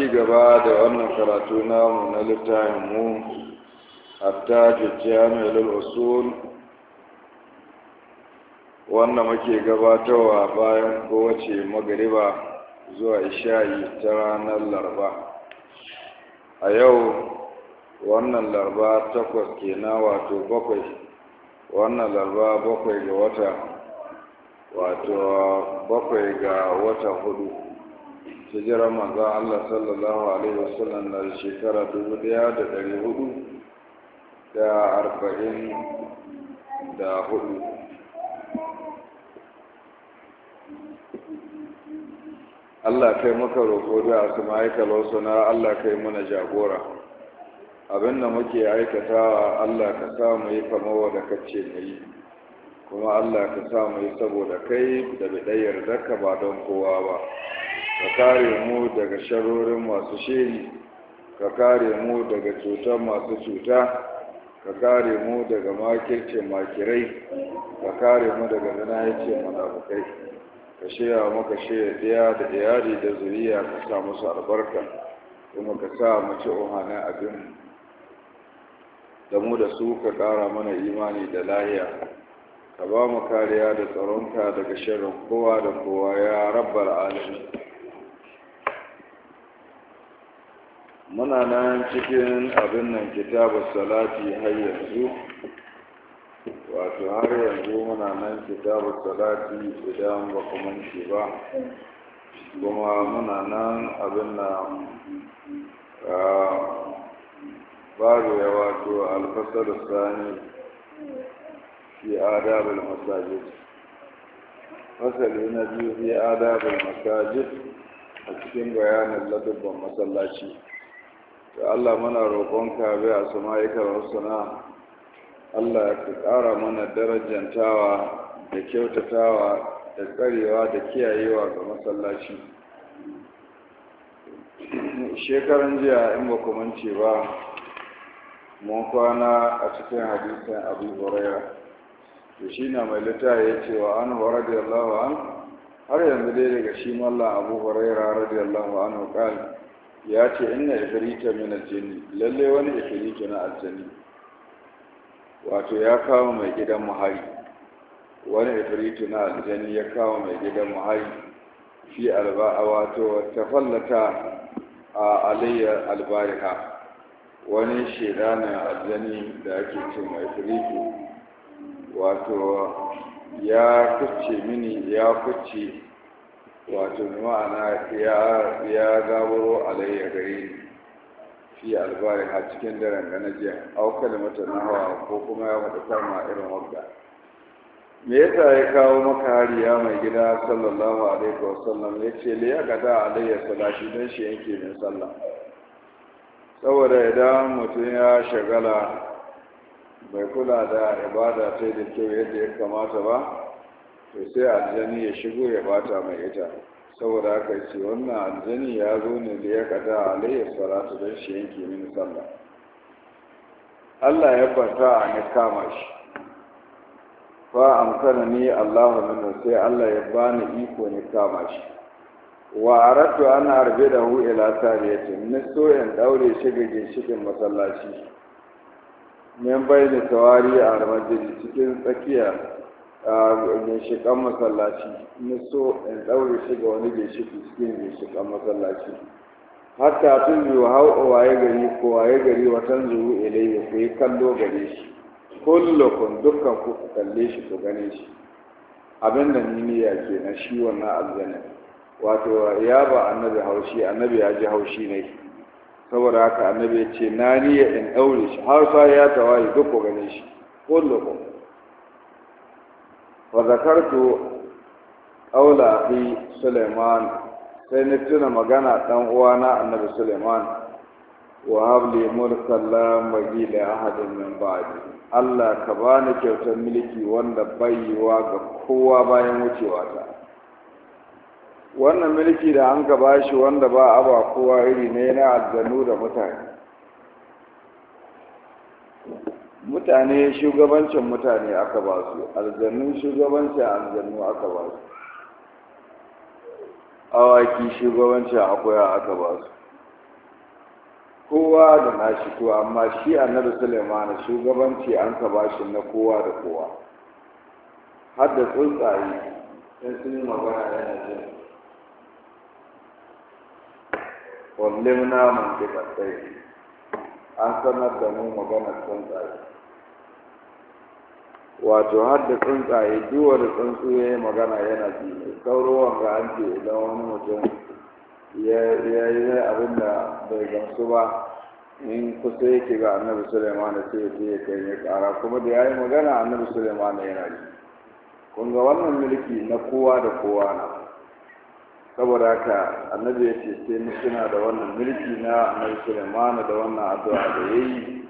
ci gaba da wannan karatu namu na littafin mu hatta mai usul wanda muke gabatarwa bayan kowace magariba zuwa isha'i ta ranar larba a yau wannan larba takwas kenan wato bakwai wannan larba bakwai ga wata wato bakwai ga wata hudu hijirar manzon Allah sallallahu alaihi wasallam na shekara dubu ɗaya da ɗari hudu da arba'in da hudu Allah kai muka roƙo da asuma aikalo na Allah kai muna jagora abin da muke aikatawa Allah ka sa mu yi kama wadda ce mu yi kuma Allah ka sa mu yi saboda kai da bidayar daka ba don kowa ba ka kare mu daga sharorin masu shiri ka kare mu daga cutar masu cuta ka kare mu daga makirce makirai ka kare mu daga zanayice munafukai ka shirya maka shirya daya da iyali da zuriya ka sa musu albarka kuma ka sa mace ohana abin da mu da su ka ƙara mana imani da lahiya ka ba mu kariya da tsaronka daga shirin kowa da kowa ya rabbar alamin muna nan cikin abin nan kitabar salati har yanzu wato har yanzu muna nan kitabar salati idan ba kuma ba kuma muna nan abin nan babu ya wato alfasar sani fi adabul masajid fasali na biyu fi adabul masajid a cikin bayanin ladabban masallaci da Allah mana roƙonka bai a sama'ikar wasana Allah ka ƙara mana darajantawa da kyautatawa da tsarewa da kiyayewa ga masallaci shekaran jiya in ba kumance ba mun kwana a cikin hadisin abu huraira to shi na mai littafi ya ce wa an hura da an har yanzu dai daga shi mallan abu huraira radiyallahu anhu qala ya ce inna ifirita min aljinni lalle wani ifirita na aljani wato ya kawo mai gidan muhari wani ifirita na aljani ya kawo mai gidan muhari fi alba'a wato ta fallata a aliyyar albariha wani shida na aljani da ake ce mai ifiritu wato ya kucce mini ya kucce wato ma'ana ya gabaro alayya gare ni fi albari a cikin daren gana jiya au kalimata na hawa ko kuma ya faɗi kalma irin wadda me yasa ya kawo maka hariya mai gida sallallahu alaihi wa sallam, ya ce liya gada alayya salashi don shi yanke min sallah saboda idan mutum ya shagala bai kula da ibada ta da kyau yadda ya kamata ba to sai aljani ya shigo ya bata mai ita saboda aka ce wannan aljani ya zo ne da ya kada alayyar salatu don shi yanke mini sallah Allah ya bata a ni kama shi fa amkana ni Allah minhu sai Allah ya bani iko ni kama shi wa aratu an arbe da hu ila sariyatin ni so in daure shi ga ginshikin masallaci min bai da tawari a cikin tsakiya ginshiƙan masallaci na so in ɗaure shi ga wani ginshiƙi cikin ginshiƙan masallaci hatta tun yi wa waye gari ko waye gari watan zuru ilai ku yi kallo gare shi kullukun dukkan ku ku kalle shi ku gane shi abin da ni niyya ke na shi wannan aljanna wato ya ba annabi haushi annabi ya ji haushi ne saboda haka annabi ya ce na niyya in ɗaure shi har sa ya tawaye duk ku gane shi kullukun wa zakartu ƙaula suleiman sai na tuna magana ɗan uwana annabi suleiman wa habli mulkan la magila ahadin min ba'di Allah ka bani kyautar mulki wanda bayyawa ga kowa bayan wucewa ta wannan mulki da an ka bashi wanda ba a ba kowa iri ne na aljanu da mutane mutane shugabancin mutane aka ba su aljannun shugabancin aljannu aka ba su awaki shugabancin akwai aka ba su kowa da nashi to amma shi annabi suleiman shugabanci an ka ba shi na kowa da kowa har da tsuntsaye sun sun yi magana yana jin wallimna man bi an sanar da mu maganar tsuntsaye wato har da tsuntsaye duwa da tsuntsu ya magana yana ji sauro wanga an ce idan wani mutum ya yi abin da bai gamsu ba in kusa yake ga annabi suleiman sai ya ya kai ya kara kuma da ya yi magana annabi suleiman yana ji kun ga wannan mulki na kowa da kowa na saboda haka annabi ya ce sai mu suna da wannan mulki na annabi Sulaiman da wannan addu'a da yayi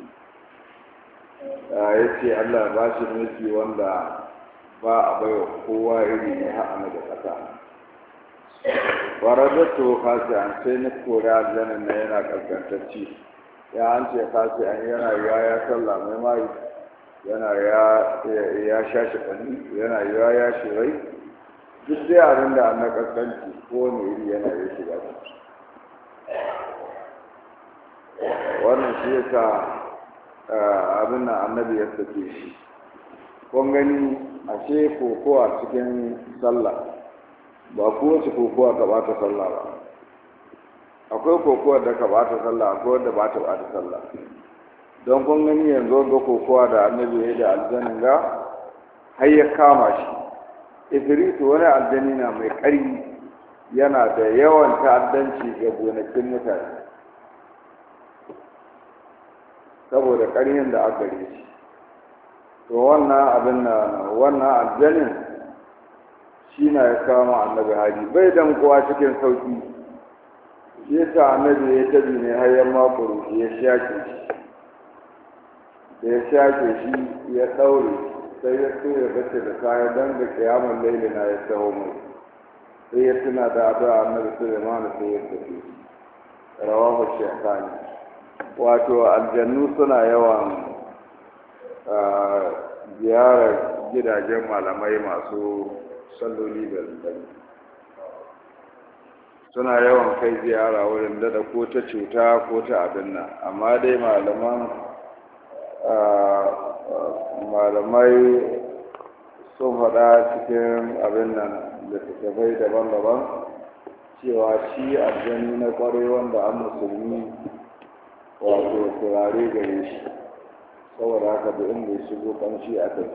ya ce Allah ba shi mulki wanda ba a baiwa kowa iri ne har annabi kasa waradatu an sai ni kora zanen na yana kaskantacci ya an ce an yana ya ya sallah mai mai yana ya ya shashi kani yana ya ya shirai duk dai abin da na kasance ko ne iri yana ya shiga ciki wannan shi ya sa eh, abin da annabi ya sake shi kun gani ashe kokowa cikin sallah ba kowace kokowa ka bata sallah ba akwai kokowa da ka bata sallah akwai wanda ba ta bata sallah don kun gani yanzu ga kokowa da annabi ya da aljanin ga har ya kama shi Idris wani aljani na mai ƙari yana da yawan ta'addanci ga gonakin mutane saboda ƙarhin da aka gare shi to wannan abin na wannan aljanin shi na ya kama annabi Haji. bai damkowa cikin sauki shi yasa annabi ya tabi ne har yan makon ya shaƙe shi da ya shaƙe shi ya ɗaure sai ya so ya bace da kaya don da kiyamun laili na ya taho mai sai ya tuna da a annabi Sulaiman sai ya tafi rawahu shaytani wato aljannu suna yawan ziyarar gidajen malamai masu salloli da daddare suna yawan kai ziyara wurin dada ko ta cuta ko ta abin nan amma dai malaman malamai sun faɗa cikin abin nan da tafai daban-daban cewa shi aljani na ƙwarai wanda an musulmi wato turare gare shi saboda haka da inda ya shigo kamshi a kai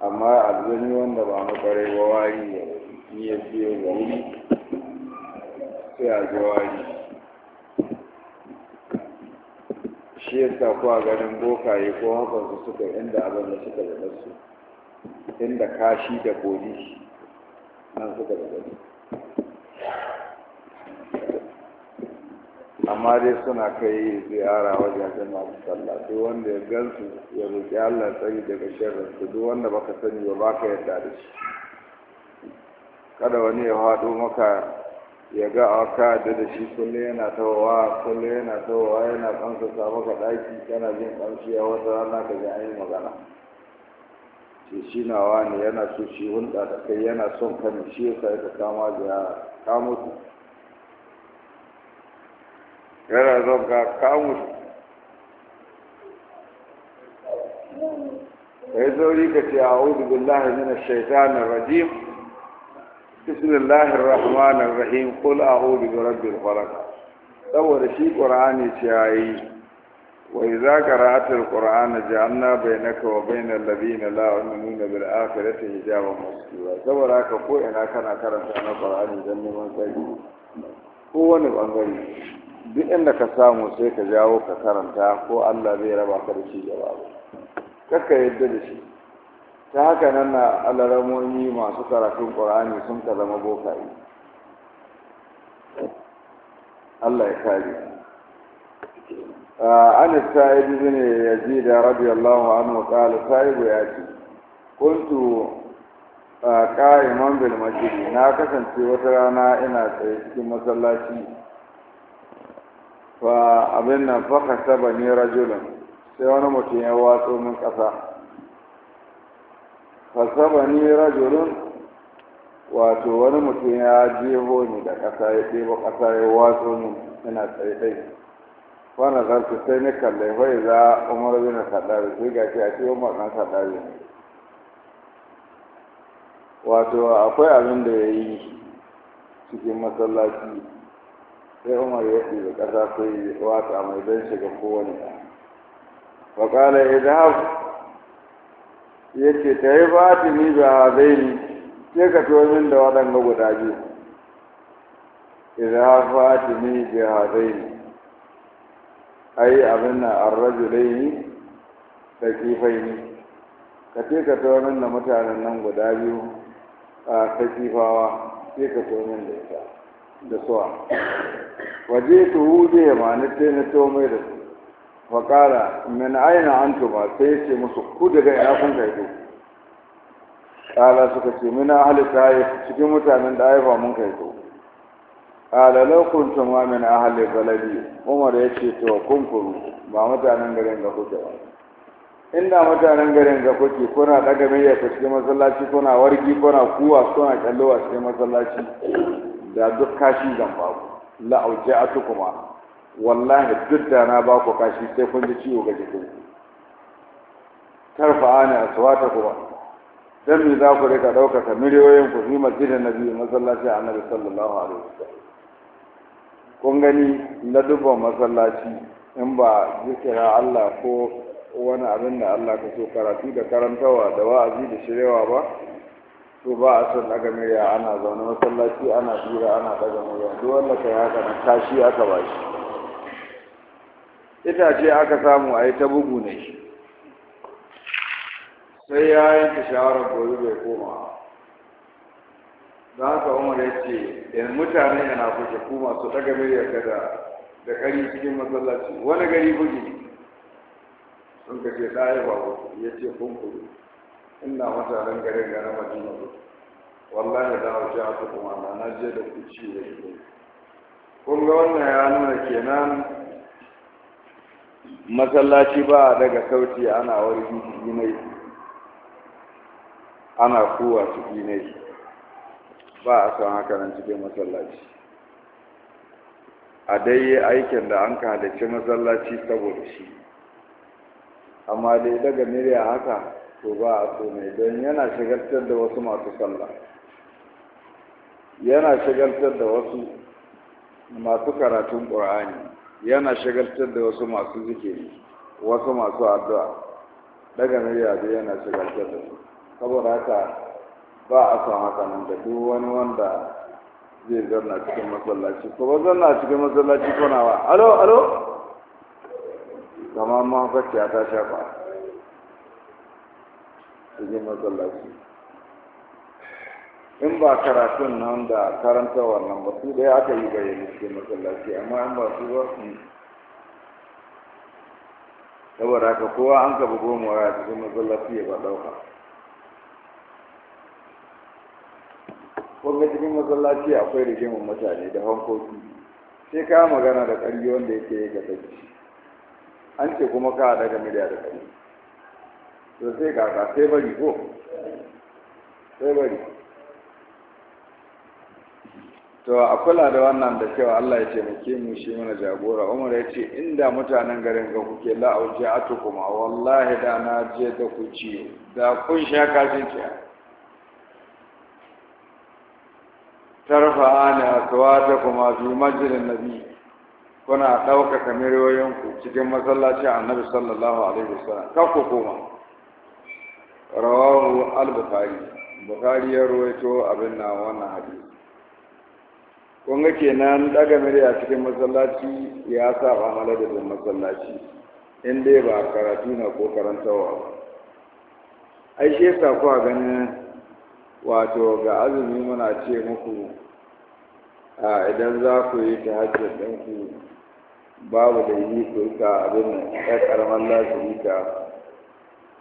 amma aljani wanda ba mu kwarai ba wari ya biyo ga wuri sai a ji wari shi yasa kuwa ganin bokaye ko hakan suka inda abin da suka da su inda kashi da koli nan suka da su amma dai suna kai ziyara wajajen masu sallah duk wanda ya gansu ya roƙi Allah tsari daga shirin su duk wanda baka sani ba baka yarda da shi kada wani ya faɗo maka ya ga a ka da da shi kullum yana tawawa kullum yana tawawa yana kansa samu ka ɗaki kana jin ƙamshi a wata rana ka ga yi magana ce shi nawa ne yana so shi hulɗa da kai yana son ka ne shi yasa ya kama da ka su yana son ka ka mutu kai sauri ka ce a'udhu billahi minash shaitanir rajim بسم الله الرحمن الرحيم قل أعوذ برب saboda shi ƙur'ani ce yayi wa idza qara'ata al-qur'ana ja'alna bainaka wa bainal ladina la yu'minuna bil akhirati hijaban masjura saboda haka ko kana karanta na ƙur'ani dan neman tsari ko wani bangare duk inda ka samu sai ka jawo ka karanta ko Allah zai raba ka da shi gaba kakka yadda da shi ta haka nan na alaramomi masu karatun ƙur'ani sun ka zama bokaye Allah ya kare an ya ji da radiyallahu anhu qala yi ya ce kuntu ah, qa'iman mambil majiri na kasance wata rana ina tsaye cikin masallaci fa abin nan fa kasaba ne rajulun sai wani mutum ya watso min kasa fasabani rajulun wato wani mutum ya jeho ni da ƙasa ya ɗebo ƙasa ya watso ni ina tsaye wani zarfi sai ni kallai za umar bin sadari sai ga shi a ce umar ɗan kaddari ne wato akwai abin da ya yi cikin masallaci sai umar ya ɗi da ƙasa sai wata mai don shiga kowane ɗan wa ƙala ya ya ce ta yi fatimi bi ni, sai ka tuwo min da waɗanda guda biyu idan fatimi bi ni, ai abin na arrajulaini da kifaini ka ce ka tuwo min da mutanen nan guda biyu a ta kifawa sai ka tuwo min da ita da suwa waje tuhu je ma ni sai na tuwo mai da su faƙara min aina an ba sai ya ce musu ku daga ina kun kaido ƙala suka ce mina halitta ya cikin mutanen da haifa mun kaido ƙala laukun tuma min ahali baladi umar ya ce to kunkuru ba mutanen garin ga kuke ba inda mutanen garin ga kuke kuna daga mai yaka cikin masallaci kuna wargi kuna kuwa kuna kallo cikin masallaci da duk kashi zan babu la'auce a tukuma wallahi duk da na ba ku kashi sai kun ji ciwo ga jikin tarfa ana aswata kuma dan me za ku rika ɗaukaka miliyoyin ku fi masjidin nabi masallaci annabi sallallahu alaihi wasallam kun gani na ladubban masallaci in ba zikira Allah ko wani abin da Allah ka so karatu da karantawa da wa'azi da shirewa ba to ba a son daga murya ana zaune masallaci ana jira ana daga murya duk wanda kai haka na tashi aka bashi itace aka samu a yi ta bugu ne shi sai ya yanke shawarar gobe bai koma don haka umar ya ce yan mutane yana kuke kuma masu daga miliyar gada da kari cikin masallaci wani gari bugi sun ka ce ɗaya ba ku ya ce kun kudu ina mutanen garin gana madina ku wallahi da hau ja ku kuma na na je da ku ciwo kun ga wannan ya nuna kenan masallaci ba daga sauti ana wargi ciki ne ana kuwa su ne ba a san haka nan cikin masallaci a dai aikin da an ka halicci masallaci saboda shi amma dai daga murya haka to ba a so mai don yana shigartar da wasu masu sallah yana shigartar da wasu masu karatun ƙur'ani yana shagaltar da wasu masu zikiri wasu masu addu'a daga ya zai yana shagaltar da su saboda haka ba a son haka nan da duk wani wanda zai zanna cikin masallaci ko ba zanna cikin masallaci ko ba alo alo kamar mafarki ta shafa cikin masallaci in ba karatun nan da karanta wannan ba su dai aka yi bayyana cikin masallaci amma in ba su ba hmm. saboda ka kowa an ka bugu mu a cikin masallaci ya ba dauka kuma cikin masallaci akwai rigimin mutane da hankoki sai ka magana da ƙarfi wanda yake yi ga gaji an ce kuma ka daga miliya da ƙarfi to sai ka sai bari ko sai bari to a kula da wannan da kyau Allah ya taimake mu shi mana jagora Umar ya ce inda mutanen garin ga kuke la auja'atu kuma wallahi da na je da ku ci da kun sha kashin ki tarfa ana ta kuma fi majlis nabi kuna dauka kamiroyin ku cikin masallaci annabi sallallahu alaihi wasallam ka ku kuma. rawahu al-bukhari bukhari ya ruwaito abin nan wannan hadisi Kuma kenan daga murya cikin masallaci ya saba maladin masallaci in dai ba karatu na ko karantawa ba ai shi yasa kuwa ganin wato ga azumi muna ce muku a idan za ku yi ta hajjar ku babu da yi ka abin ya ƙaramin lazumi ka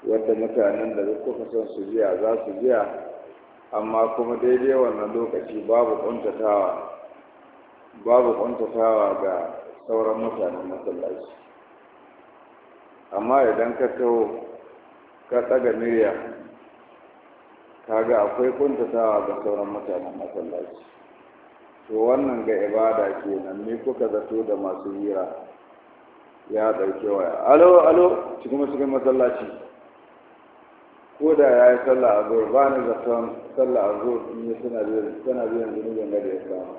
wadda mutanen da kuka son su jiya za su jiya amma kuma daidai wannan lokaci babu ƙuntatawa babu kwantatawa ga sauran mutanen masallaci amma idan ka taho ka tsaga ka kaga akwai kwantatawa ga sauran mutanen masallaci to wannan ga ibada kenan ni kuka zato da masu hira ya ɗauke waya alo alo cikin cikin masallaci ko da ya yi sallah a zuwa ba ni zaton sallah a zuwa in yi suna biyan zunubin da ya samu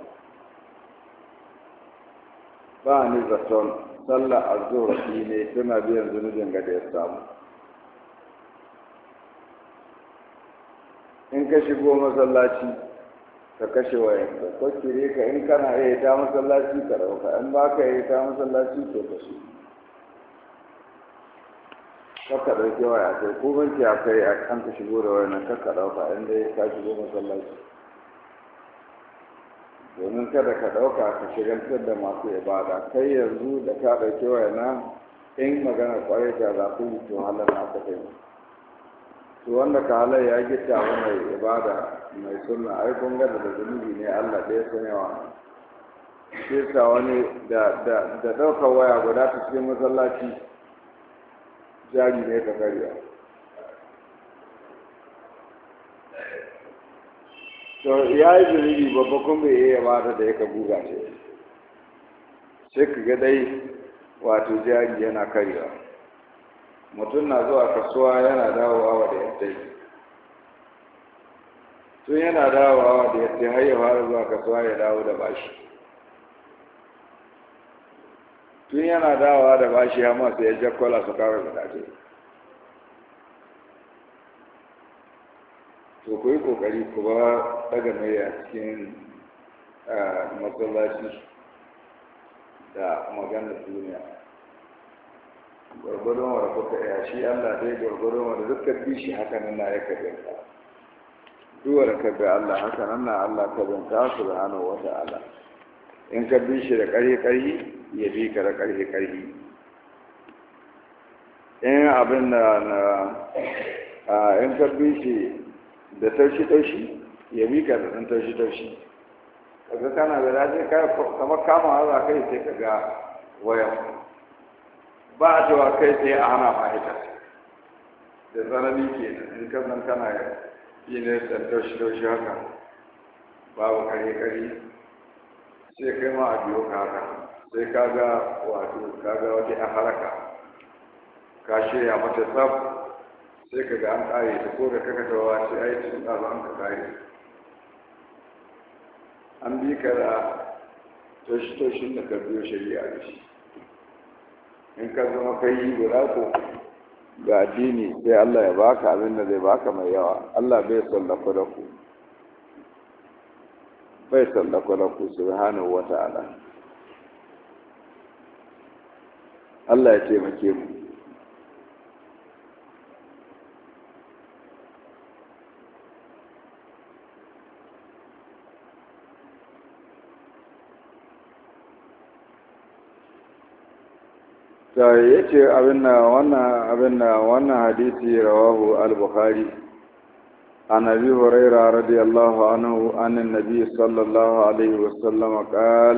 ba ni zaton sallah a shi ne suna biyan zunubin ga da ya samu in ka shigo masallaci ka kashe wayan ka kire ka in kana iya ta masallaci ka rauka in ba ka iya ta masallaci to ka kakka ɗauke waya sai ko minti a kai a kan ka shigo da wayan kakka ɗauka in dai ka shigo masallaci domin kada ka ɗauka ka shigantar da masu ibada kai yanzu da ka ɗauki wayana in magana kwarai da za ku yi to na ka kai to wanda ka halar ya gita wa mai ibada mai sunna ai kun gada da zunubi ne Allah ɗaya sun yawa shi sa wani da ɗaukar waya guda ta cikin masallaci jari ne ka karya to ya yi zunubi babba kun bai iya bada da yaka guga ce sai ka ga dai wato jari yana karewa mutum na zuwa kasuwa yana dawowa wa da yadda tun yana dawowa wa da yadda har ya fara zuwa kasuwa ya dawo da bashi tun yana dawowa da bashi ya masu ya jakkola su kara da ce ku yi kokari ku ba daga mai a cikin matsalashi da magana duniya gwargwadon wa kuka ya shi allah dai gwargwadon wa da duka fi shi haka nan na ya kabinta duwar ka ga allah haka nan na allah kabinta su da hannu wata ala in ka bi shi da ƙarfi ƙarfi ya bi ka da ƙarfi ƙarfi in abin da na in ka bi shi da taushi-taushi ya ka da ɗan taushi-taushi kaga kana da daji kamar kama za yi sai ka ga wayan ba a cewa kai sai a hana fahimta da zanani ke in ka nan kana yi ne da taushi-taushi haka babu kare-kare sai kai ma a biyo ka haka sai ka ga wato ka ga wata a haraka ka shirya mata tsab sai ka ga an kare ta ko da kaka tawa sai yi cikin ɗazu an ka kare an bi ka da toshi-toshin da ka biyo shari'a da shi in ka zama kai yi guda ko ga addini sai Allah ya baka abin da zai baka mai yawa Allah bai tsallako da ku bai tsallako da ku wata ala Allah ya taimake mu ya ce abinna wannan abinna wannan hadisi rawahu al-bukhari an abi radiyallahu anhu anin nabi sallallahu alaihi wasallam qal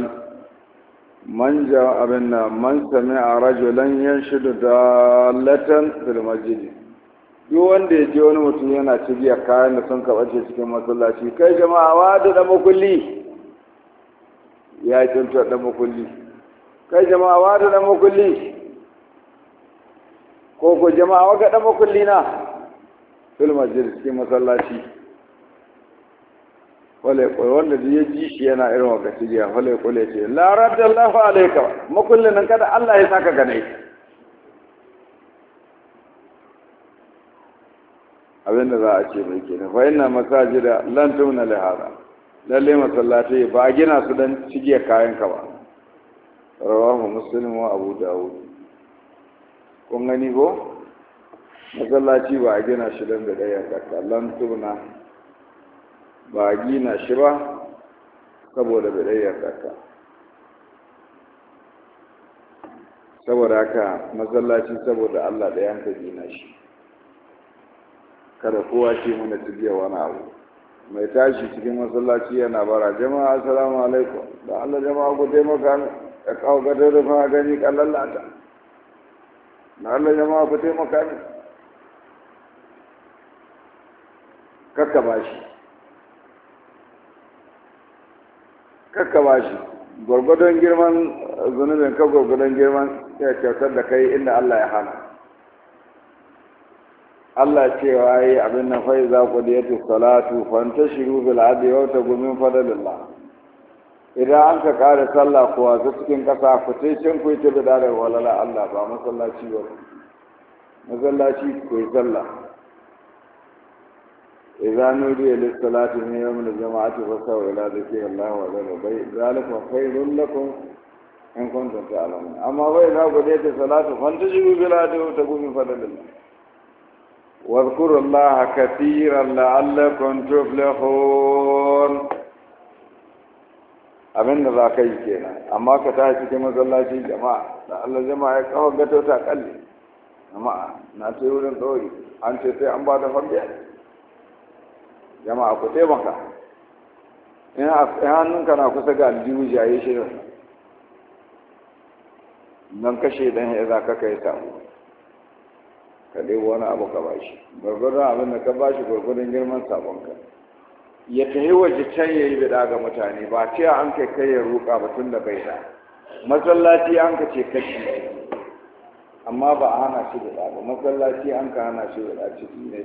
man ja abinna man sami'a rajulan da dalatan fil masjid duk wanda ya ji wani mutum yana cibiya kayan da sun karɓar cikin masallaci kai jama'a wa da dama makulli. ya yi tuntun dama kulli kai jama'a wa da dama makulli. ko ko jama'a waga da makulli na fil masjid cikin masallaci wale ko wanda da ya ji shi yana irin waka ya wale ko le ce la radallahu alayka makullin nan kada Allah ya saka gane abinda za a ce mai kenan fa ina masajida lan tumna li hada lalle masallaci, ba a gina su dan cige kayan ka ba rawahu muslim wa abu dawud kun gani ko masallaci ba a gina shi don da ɗaya kakalan turna ba a gina shi ba saboda da ɗaya kaka saboda haka masallaci saboda allah da yanka gina shi kada kowa ce mana tafiya wani abu mai tashi cikin masallaci yana bara jama'a assalamu alaikum da allah jama'a ku taimaka ka kawo gadon rufa gani kallon lata na Allah jama'a ku taimaka ne kakka ba shi kakka ba shi gwargwadon girman eh, zunubin ka gwargwadon girman ya kyautar da kai inda Allah ya hana Allah cewa yi abin na fai za ku da yatu salatu fanta shiru bil adi wa ta gumin fadalillah idan an ka kare sallah kuwa ta cikin ƙasa ku ce can ku ta bida da walala Allah ba masallaci ba masallaci ku yi sallah idan nuriya lissalati ne yau mun jama'ati fa sau ila zikri Allah wa zalika bai zalika khairul lakum in kuntum ta'lamun amma bai za ku dace salatu fantajibu bila da ta gumin fadalillah واذكروا الله كثيرا لعلكم تفلحون abin da za ka yi kenan amma ka tashi cikin masallaci jama'a da Allah jama'a ya kawo gato ta kalli jama'a na ce wurin tsori an ce sai an ba da fabiya jama'a ku taimaka in hannunka na kusa ga aljihu jaye shirin nan kashe dan ya za ka kai samu ka dai wani abu ka bashi gwargwadon abin da ka bashi gwargwadon girman sabonka ya tahi waje can ya yi bida ga mutane ba ce an kai kai ya ruka ba tun da bai da masallaci an ka ce kashi amma ba a hana shi bida ba masallaci an ka hana shi bida ciki ne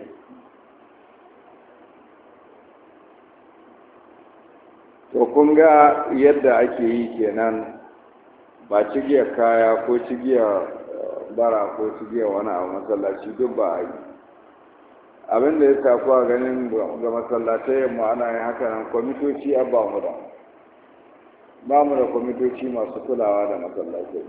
to kun ga yadda ake yi kenan ba cigiyar kaya ko cigiyar eh, bara ko cigiyar wani abu masallaci duk ba a yi abin da ya tafi a ganin ga masallatai yamma ana yin haka nan kwamitoci ba mu da ba mu da kwamitoci masu kulawa da masallatai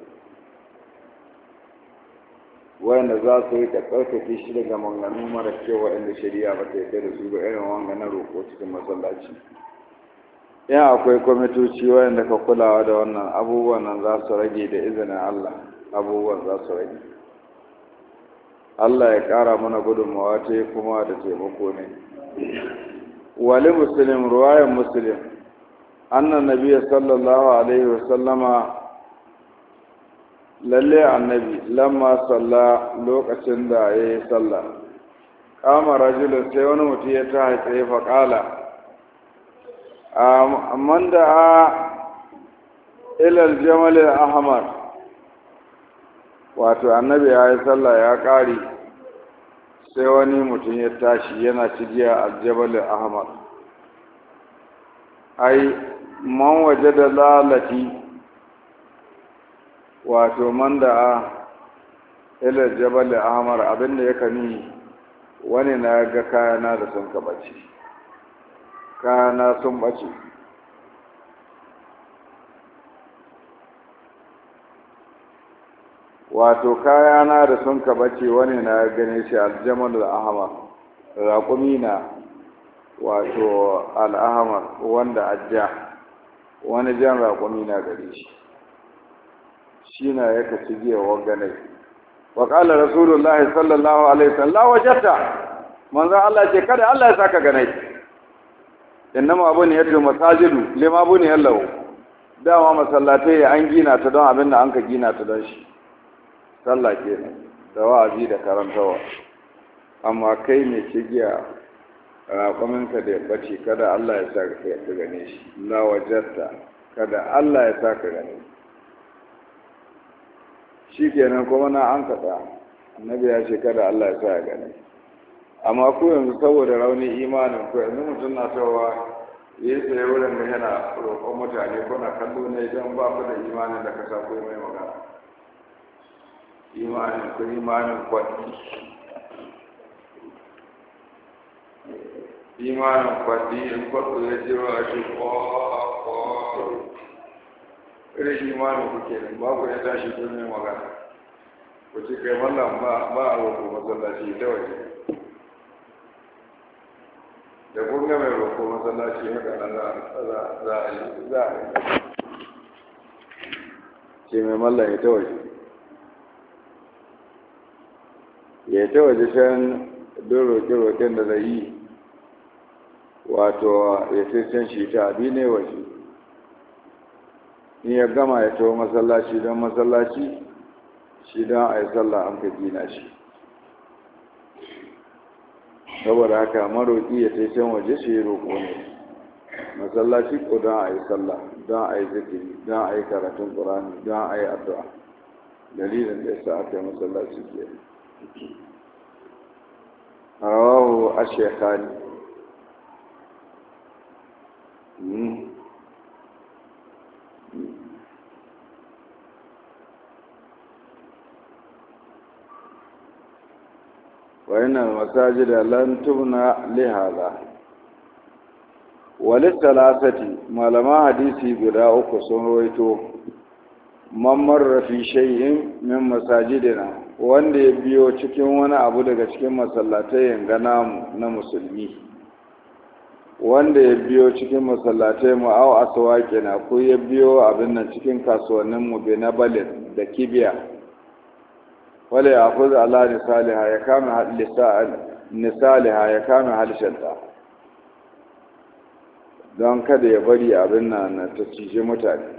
wanda za su yi tsarkake shi daga manganu mara kyau inda shari'a ba ta yarda da su ba irin wanga na roƙo cikin masallaci in akwai kwamitoci wanda ka kulawa da wannan abubuwan nan za su rage da izinin allah abubuwan za su rage Allah ya ƙara mana gudunmawa ta kuma da taimako ne wali Musulun, ruwayan musulun. annan nabiya sallallahu alaihi wasallama lalle annabi lamma salla lokacin da ya yi salla kama rajulun sai wani mutum ya ta haƙe faƙala Amman da a ilal jamalin Ahmad. wato annabi ya yi sallah ya ƙari sai wani mutum ya tashi yana cigiya a jabalin ahmad ai man waje da lalati wato man da a ilar jabalin ahmad abinda ya kani wani na ga kayana da sun kabaci kayana sun bace wato kayana da sun ka bace wani na gane shi aljamal al'ahamar raƙumi na wato al'ahamar wanda ajja wani jan raƙumi na gare shi shi na ya ka ci giyawar gane waƙalar rasulullah sallallahu alaihi sallallahu wajatta manzan allah ce kada allah ya saka gane inna abu ne yadda masajidu lima abu ne yallahu dama masallatai an gina ta don abin da an ka gina ta don shi sallah nan, da wa'azi da karantawa amma kai mai cigiya raƙuminka da ya bace kada Allah ya sa ka gane shi la wajarta kada Allah ya sa ka gane shi kenan kuma na an kaɗa annabi ya ce kada Allah ya sa ya gane amma ku yanzu saboda rauni imanin ku yanzu mutum na cewa yi tsaye wurin da yana roƙon mutane kuna kallo ne don ba ku da imanin da ka sa ku mai magana imanin ku imanin kwanci imanin kwanci in kwasu ya ce wa shi kwakwaro irin imanin ku ke ba ku ya tashi don yin magana ku ci kai mallam ba a roƙo masallaci ta waje da kun ga mai roƙo masallaci haka nan za a yi za a yi ce mai mallam ta waje ya ta waje shan don roƙe-roƙen da zai yi wato ya sai can shi ta abi ne waje in ya gama ya ta masallaci don masallaci shi don a yi sallah an ka gina shi saboda haka maroƙi ya sai can waje shi roƙo ne masallaci ko don a yi sallah don a yi zikiri don a yi karatun ƙurani don a yi addu'a dalilin da ya sa aka yi masallaci yi رواه الشيخان وإن المساجد لن تبنى لهذا وللثلاثة ما لما حديثي بلا قصون رويتو من مر في شيء من مساجدنا wanda ya biyo cikin wani abu daga cikin masallatai yanga namu na musulmi wanda ya biyo cikin masallatai mu au asawake na ko ya biyo abin nan cikin kasuwannin mu na balin da kibiya wala ya hafiz ala nisaliha ya kama nisaliha ya kama don kada ya bari abin nan ta cije mutane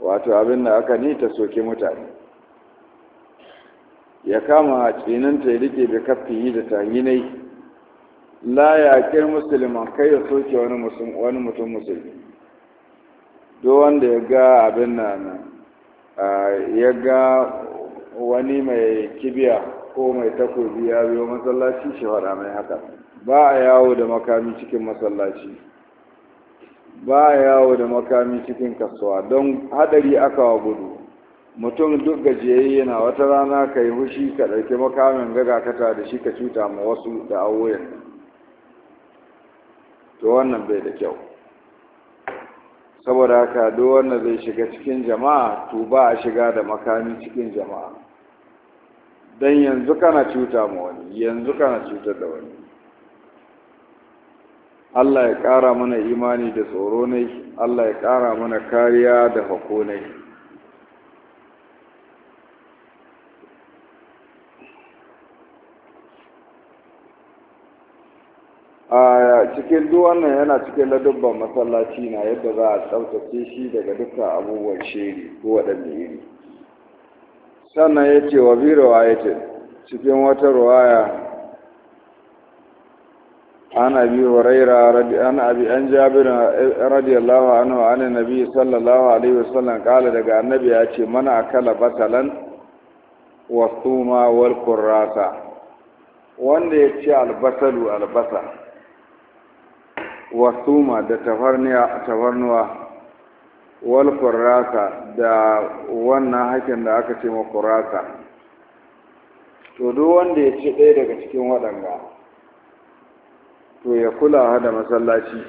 wato abin da aka ni ta soke mutane ya kama a tsinanta ya rike da yi da tanginai la yaƙir musulman kai ya soke wani mutum musulmi Do wanda ya ga abin nan ya ga wani mai kibiya ko mai takobi ya biyo masallaci shi faɗa mai haka ba a yawo da makami cikin masallaci ba yawo da makami cikin kasuwa don hadari aka wa gudu mutum duk gajiyayi yana wata rana ka yi hushi ka ɗauki makamin gaga kata da shi ka cuta ma wasu da awoyin to wannan bai da kyau saboda haka duk wanda zai shiga cikin jama'a to ba a shiga da makami cikin jama'a don yanzu kana cuta ma wani yanzu kana cutar da wani Allah ya ƙara mana imani da tsoro ne Allah ya ƙara mana kariya da hako ne a cikin duwannan yana cikin ladubban masallaci na yadda za a tsaftace shi daga duka abubuwan shiri ko waɗanda iri sannan ya ce wa yake cikin wata ruwaya Ana أبي هريرة رضي عن أبي عن جابر رضي الله عنه عن النبي صلى الله عليه وسلم قال لك النبي أتي من أكل بطلا wanda ya ci albasalu albasa wasuma da tafarnuwa wal kurasa da wannan hakin da aka ce ma kurasa to duk wanda ya ci ɗaya daga cikin waɗanda to ya kula da masallaci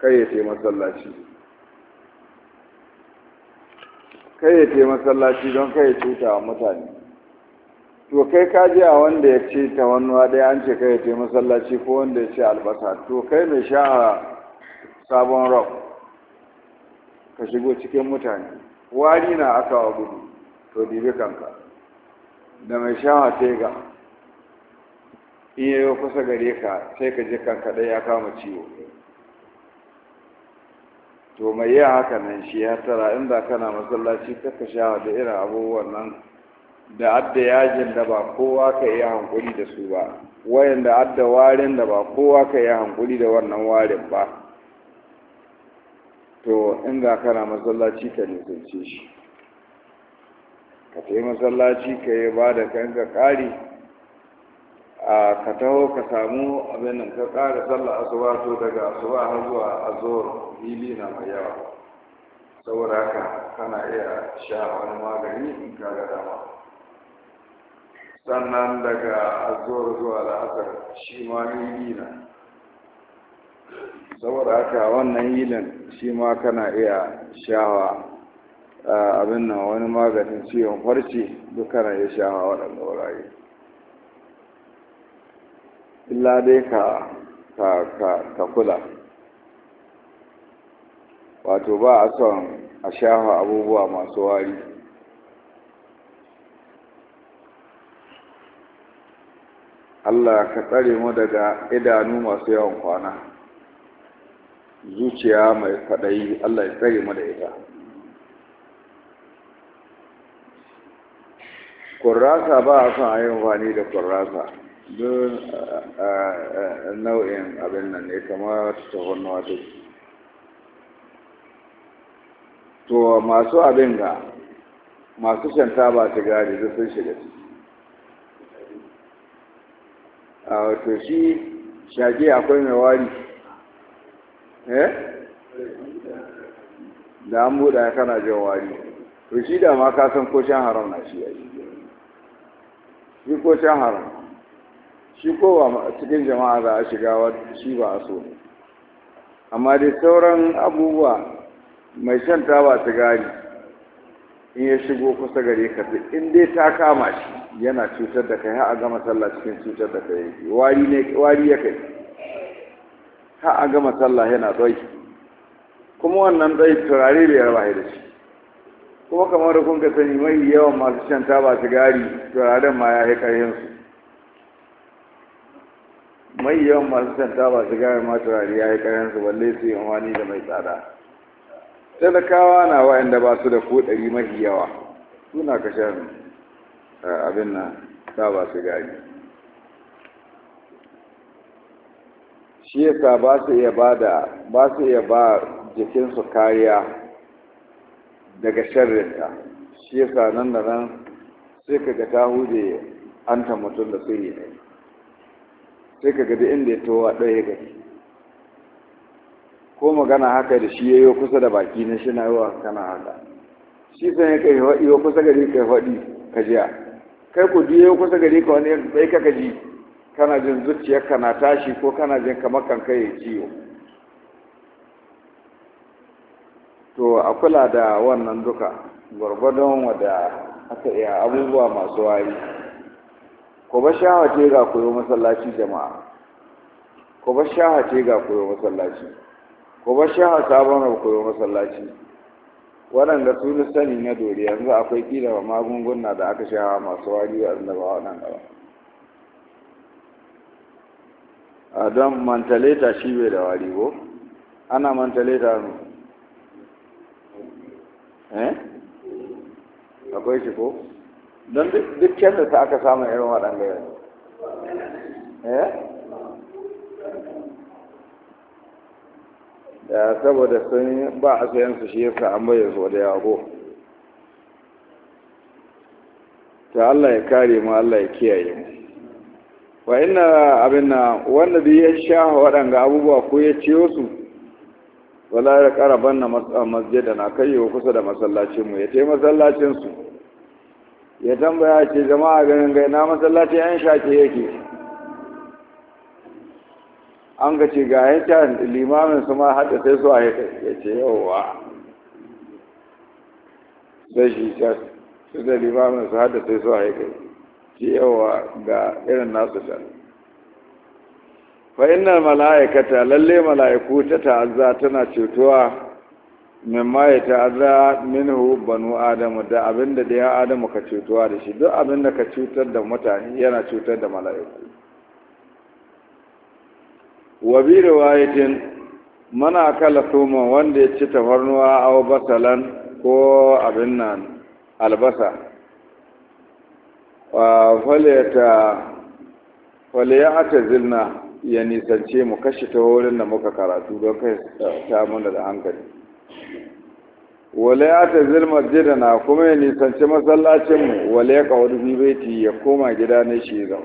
kai ya ce masallaci kai masallaci don kai ya cuta wa mutane to kai ka ji a wanda ya ce ta wannuwa ɗaya an ce kai ya ce masallaci ko wanda ya ce albasa to kai mai sha'a sabon rock ka shigo cikin mutane wari na aka wa gudu to dibe kanka da mai sai ga. in yayo kusa gare ka sai ka ji kanka ɗaya ya kama ciwo to mai yi haka nan shi ya tara inda kana masallaci ka sha da irin abubuwan nan da adda yajin da ba kowa ka yi hankuli da su ba wayan da adda warin da ba kowa ka yi hankuli da wannan warin ba to inda kana masallaci ka nisance shi ka yi masallaci ka yi ba da kanka ƙari ka taho ka samu abin nan ka ƙara sallar asuba to daga asuba har zuwa azhar fili na mai yawa saboda haka kana iya sha wani magani in ka ga dama sannan daga azhar zuwa la'asar shi ma fili na saboda haka wannan yilin shi ma kana iya shawa abin nan wani maganin ciwon farce duk kana iya shawa waɗanda wurare illa dai ka ka kula wato ba a son a shafa abubuwa masu wari Allah ka tsare mu daga idanu masu yawan kwana zuciya mai kwaɗayi Allah ya tsare mu da ita kurrasa ba a son a yi amfani da kurrasa don nau'in abin nan ne kamar tafarnuwa ta to masu abin ga masu shan taba sigari duk sun shiga ciki a wato shi shage akwai mai wari eh da an buɗa ya kana jin wari to shi da ma ka san koshin haram na shi yayi shi koshin haram shi kowa cikin jama'a za a shiga shi ba a so amma dai sauran abubuwa mai shan taba sigari in ya shigo kusa gare ka in dai ta kama shi yana cutar da kai har a gama sallah cikin cutar da kai wari ne wari ya kai har a gama sallah yana tsoi kuma wannan dai, turare bai raba da shi kuma kamar da kun ka sani mai yawan masu shan taba sigari turaren ma ya yi karhin su mai yawan masu ba su sigari masu rari ya yi karansu balle su yi amfani da mai tsada talakawa na wa'anda ba su da koɗari mafi yawa suna ka shan eh, abin nan su sigari shi yasa ba su iya ba da ba su iya ba jikinsu kariya daga sharrinta shi yasa nan da nan sai ka ga ta huje an ta mutum da yi ne sai ka gadi inda ya towa ɗaya gari ko magana haka da shi ya yi kusa da baki na shi na yi wa kana haka shi sai ya kai haɗi wa kusa gari kai haɗi ka jiya kai ku biyo kusa gari ka wani sai ka ji kana jin zuciya kana tashi ko kana jin kamar kan kai ya ciwo to a kula da wannan duka gwargwadon wadda aka iya abubuwa masu wari ko ba shahace ga koyo masallaci jama'a ko ba shahace ga koyo masallaci ko ba shaha sabon ga koyo masallaci waɗanda su ni sani na dori yanzu akwai kila magunguna da aka shaha masu wari a annabawa nan gaba don mantaleta shi bai da wari ko ana mantaleta ne. eh akwai shi ko don duk canza ta aka samu irin waɗanda yanzu eh? da saboda sun ba a sayansu shi yasa an bayar su da yago ta Allah ya kare mu Allah ya kiyaye mu wa ina abin na wanda da ya sha waɗanda abubuwa ko ya ciyo su wala ya ƙara banna masjidana kai kusa da masallacinmu ya taimaka masallacinsu ya tambaya ce jama'a ganin gai na masallaci yan shaƙe yake an ga ce ga yan can limamin su ma haɗa sai su a ya ce yawwa sai shi ce su da limamin su haɗa sai su a ya kai ce yawwa ga irin nasu can fa innal mala'ikata lalle mala'iku ta ta'azza tana cutuwa mimma ya ta'adda minhu banu adamu da abinda da ya adamu ka cutuwa da shi duk abin da ka cutar da mutane yana cutar da mala'iku wa bi riwayatin mana kala soma wanda ya ci tafarnuwa aw basalan ko abin nan albasa wa falata falata zilna ya nisance mu kashe ta wurin da muka karatu don kai ta mana da hankali Wale ya ta zirma na kuma ya nisanci masallacinmu wale ya kawar baiti ya koma gida na shi zan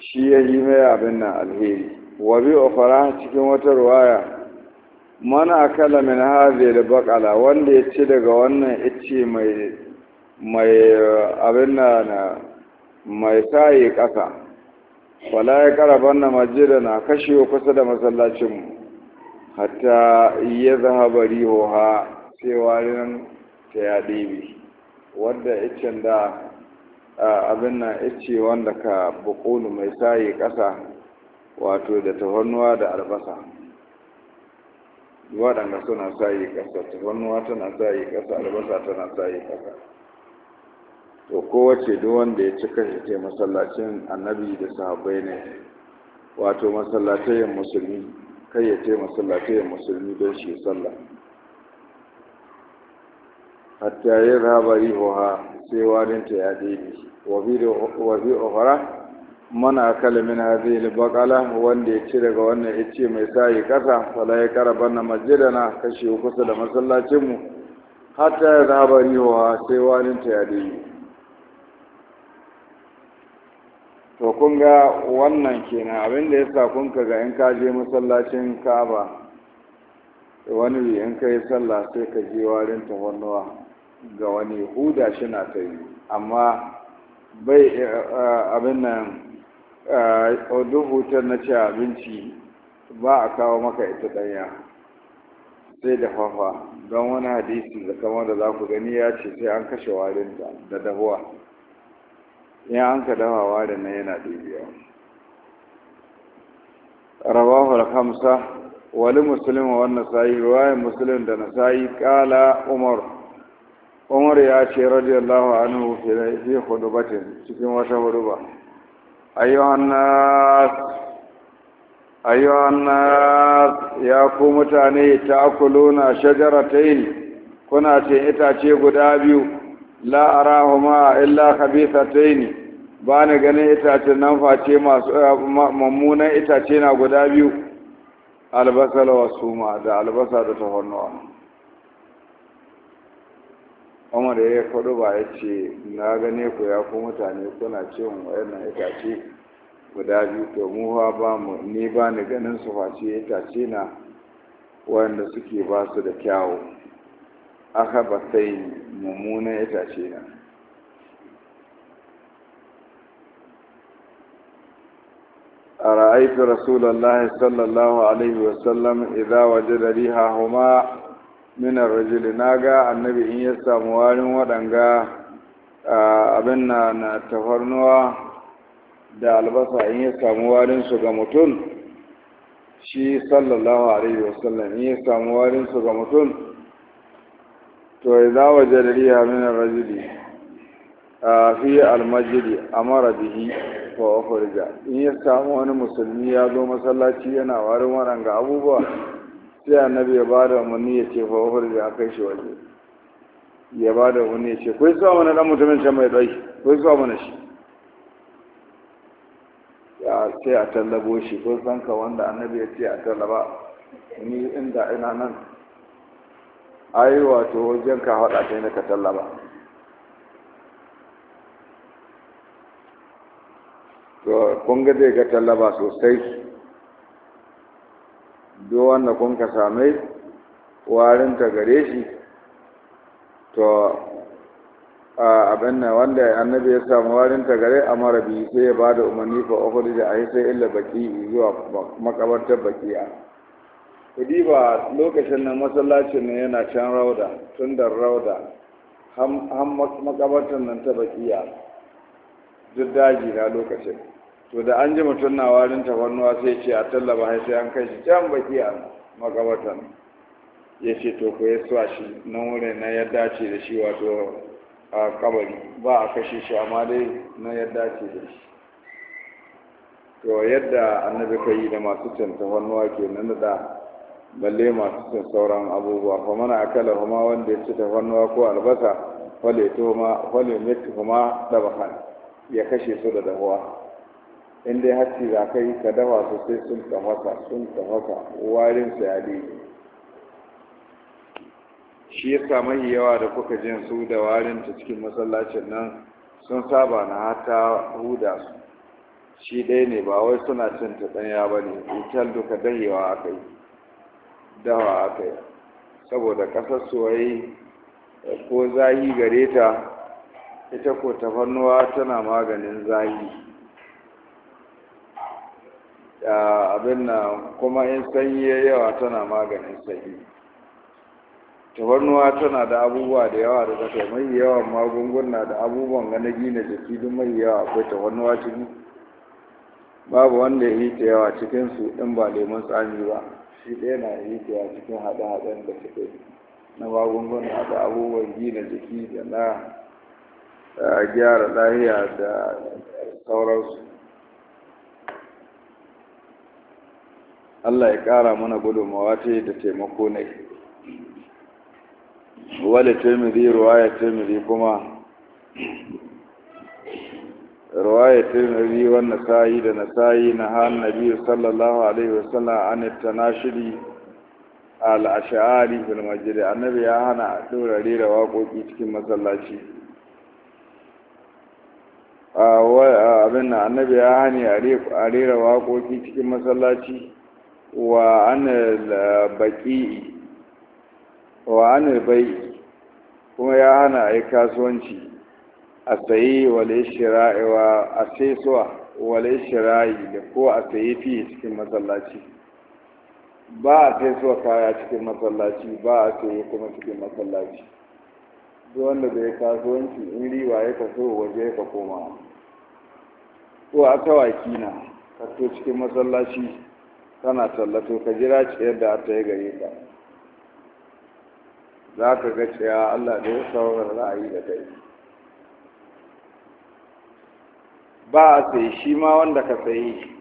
shi ya yi mai abin nan alheri wa ofara cikin wata ruwaya mana kala min haze da bakala wanda ya ci daga wannan ice mai mai abin na mai saye kasa wala ya karaban na majidana kashe kusa da masallacinmu hatta ya zahaba rihoha sai warin ta ya ɗebe wadda iccen da abin na icce wanda ka bukulu mai sayi ƙasa wato da tafarnuwa da albasa waɗanda suna sayi ƙasa tafarnuwa tana sayi ƙasa albasa tana sayi ƙasa to kowace duk wanda ya cika shi ce masallacin annabi da sahabbai ne wato masallatayin musulmi kai ya ce masallatai musulmi don shi sallah hatta yin raba hoha sai warinta ya daidai wafi ofara mana kalamin hazil bakala wanda ya ci daga wannan ce mai sayi kasa fala ya karabar na majidana kashe kusa da masallacinmu hatta ya raba hoha sai warinta ya daidai to kun ga wannan kenan abinda ya sa kun ka ga in ka je masallacin kaba wani in ka sallah sai ka je warin tawannuwa ga wani huda shi na ta yi amma bai eh, eh, abin nan eh, duk hutar na ci abinci ba a kawo maka ita danya sai da fafa don wani hadisi da kamar da za ku gani ya ce sai an kashe warin da dahuwa in an ka dafa warin na yana ɗibiya rawahu al-khamsa wali muslim wa nasa'i riwayar muslim da nasa'i kala umar umar ya ce radiyallahu anhu fi hudubatin cikin wata huduba ayyuhan nas ayyuhan nas ya ku mutane ta akuluna shajaratain kuna ce itace guda biyu la arahuma illa khabithatayn ba ni ganin itace nan face masu eh, mummunan itace na guda biyu albasala wa suma da albasa da tahonnuwa Umar ya faɗo ba ya ce na gane ku ya ku mutane kuna cin wayannan itace guda biyu to mu ba mu ni ba ni ganin su face itace na wayanda suke ba su da kyawu aka ba sai ya itace na a ra'aitu rasulallah sallallahu alaihi wasallam waje da riha huma min rajili na ga, annabi in ya samu warin waɗanga abin na na tafarnuwa da albasa in ya samu warin su ga mutum shi sallallahu alaihi wasallam in ya samu warin su ga mutum to idza wajada riha min ar-rajuli fi al-masjid amara bihi wa ukhrija in ya samu wani musulmi ya zo masallaci yana warin waranga abubuwa sai annabi ya ba da umarni ya ce fa ukhrija a kai shi waje ya ba da wani ya ce kai sa wani dan mutumin can mai dai kai sa mana shi ya sai a tallabo shi ko san ka wanda annabi ya ce a tallaba ni inda ina nan ai wato wajen ka haɗa ta na ka tallaba to kun ga zai ga tallaba sosai duk wanda kun ka same warin ta gare shi to abin nan wanda annabi ya samu warin ta gare a marabi sai ya ba da umarni fa ukhri da ai sai illa baki zuwa makabartar baki'a ku lokacin nan masallacin ne yana can rauda tun da rauda har makabartan nan ta bakiya duk daji na lokacin to da an ji mutum na warin tafarnuwa sai ce a tallaba sai an kai shi can bakiya makabartan ya ce to ku ya sa shi nan wurin na ya dace da shi wato a kabari ba a kashe shi amma dai na ya dace da shi to yadda annabi kai da masu wannan ke nan da balle masu cin sauran abubuwa fa mana akala huma wanda ya ci tafarnuwa ko albasa fale toma fale kuma da dabakan ya kashe su da dahuwa in dai hacci za ka ka dafa su sai sun tafasa sun tafasa warin su ya shi ya sa mahi yawa da kuka jin su da warin ta cikin masallacin nan sun saba na hata huda su shi ɗaya ne ba wai suna cin ta ba ne ital duka dahewa aka yi dawa aka yi saboda ƙasar soyayi ko zahi gare ta ita ko tafarnuwa tana maganin zahi abin na kuma in sanyi yawa tana maganin sanyi tafarnuwa tana da abubuwa da yawa da ta mai yawan magunguna da abubuwan gane gina jiki duk mai yawa akwai tafarnuwa ciki babu wanda ya yi ta yawa cikinsu in ba lemun tsami ba shi ɗaya na a cikin haɗe-haɗen da suka yi na magunguna da abubuwan gina jiki da na gyara lahiya da sauransu Allah ya ƙara mana gudunmawa ta da taimako ne wale taimiri ruwa ya taimiri kuma رواية الترمذي والنسائي لنسائي نهى النبي صلى الله عليه وسلم عن التناشد al'ashari fil masjid annabi ya hana dora rera waƙoƙi cikin masallaci abin da annabi ya hani a rera waƙoƙi cikin masallaci wa an baƙi wa bai kuma ya hana a yi kasuwanci a sayi wale wa a saisuwa wale da ko a sayi fiye cikin masallaci ba a saisuwa kaya cikin masallaci ba a sayi kuma cikin masallaci duk wanda bai kasuwanci in riwa ya kaso waje ka koma ko a tawaki na kaso cikin masallaci kana tallato ka jira yadda a ta yi gare ka za ka ga cewa allah da ya sauran ra'ayi da kai ba a sayi shi ma wanda ka sayi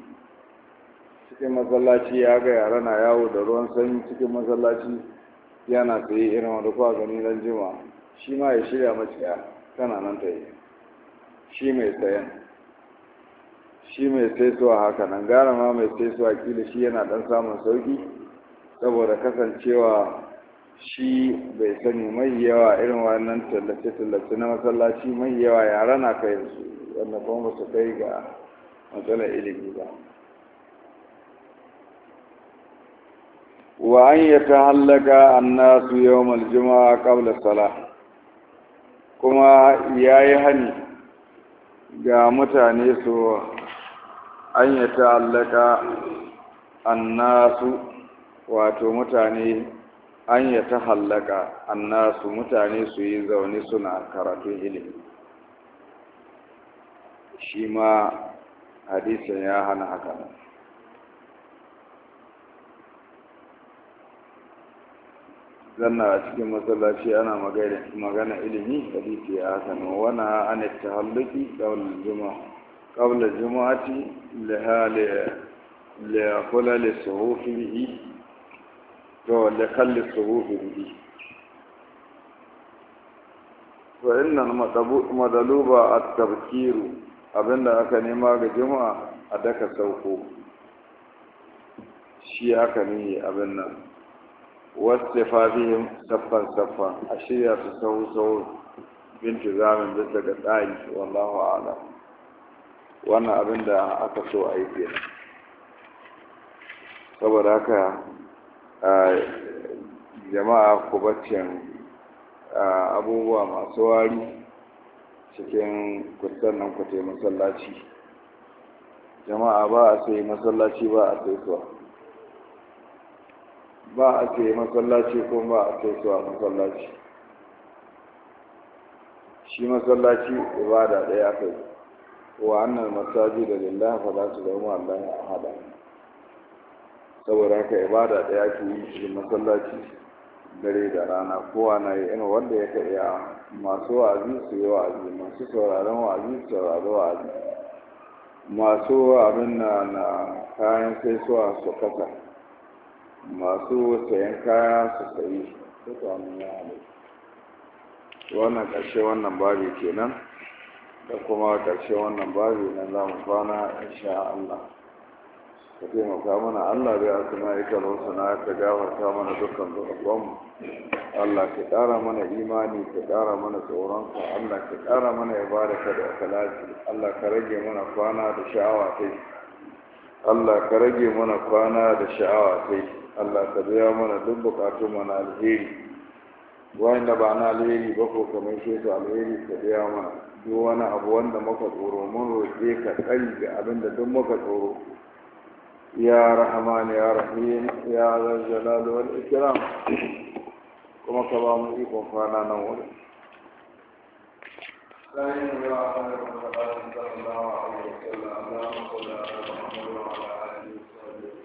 cikin masallaci ya ga yara na yawo da ruwan sanyi cikin masallaci yana sayi irin wanda kuwa gani ran jima shi ma ya shirya maciya tana nan ta yi shi mai sayan shi mai suwa haka nan gara ma mai suwa kila shi yana dan samun sauki saboda kasancewa shi bai sani mai yawa irin wannan tallace-tallace na masallaci mai yawa yara na kayan su wanda kuma ba su kai ga matsalar ilimi ba wa an ya ta hallaka annasu yawmal juma'a qabla sala kuma yayi hani ga mutane su an ta hallaka annasu wato mutane an ta hallaka annasu mutane su yi zaune suna karatun ilimi shi ma hadisin ya hana haka nan zanna a cikin matsalashi ana magana ilimi hadisi ya haka nan wana ana ta halluki ƙaunar juma'ati lahala le suhufi to le kalli suhufi ri'i wa'in nan madaluba a tabkiru abinda aka nema ga juma'a a daka sauko shi aka nihi abin nan wasu fafihim saffan saffan a shirya su sahu sau binti zamin bisa ga tsari wallahu alam wannan abin da aka so a yi saboda haka jama'a kubacin abubuwa masu wari cikin kusan nan ku masallaci jama'a ba a sai masallaci ba a sai suwa ba a sai masallaci ko ba a sai suwa masallaci shi masallaci ibada ɗaya kai wa annal masaji da lillah fa za su zama Allah ya hada saboda haka ibada ɗaya ke yi cikin masallaci dare da rana kowa na yi ina wanda ya ya masu wa'azi su yi wa'azi masu sauraron wa'azi su sauraro wa'azi masu abin na na kayan sai suwa su kasa masu sayan kaya su sayi su samu ya halittu wannan ƙarshe wannan babi kenan da kuma ƙarshe wannan babi na zamu kwana insha Allah ka taimaka mana Allah bai asuna ikalon suna ka gafarta mana dukkan zuwan Allah ka ƙara mana imani ka ƙara mana tsoronka Allah ka ƙara mana ibaraka da akalaci Allah ka rage mana kwana da sha'awa kai Allah ka rage mana kwana da sha'awa kai Allah ka biya mana duk bukatun mana alheri wayan na ba na alheri ba ko kamar shi su alheri ka biya mana duk wani abu wanda muka tsoro mun roƙe ka kai ga abin da duk muka tsoro يا رحمن يا رحيم يا ذا الجلال والإكرام كما كلام إيكم فانا نور سيدنا محمد صلى الله عليه وسلم اللهم صل على محمد وعلى آله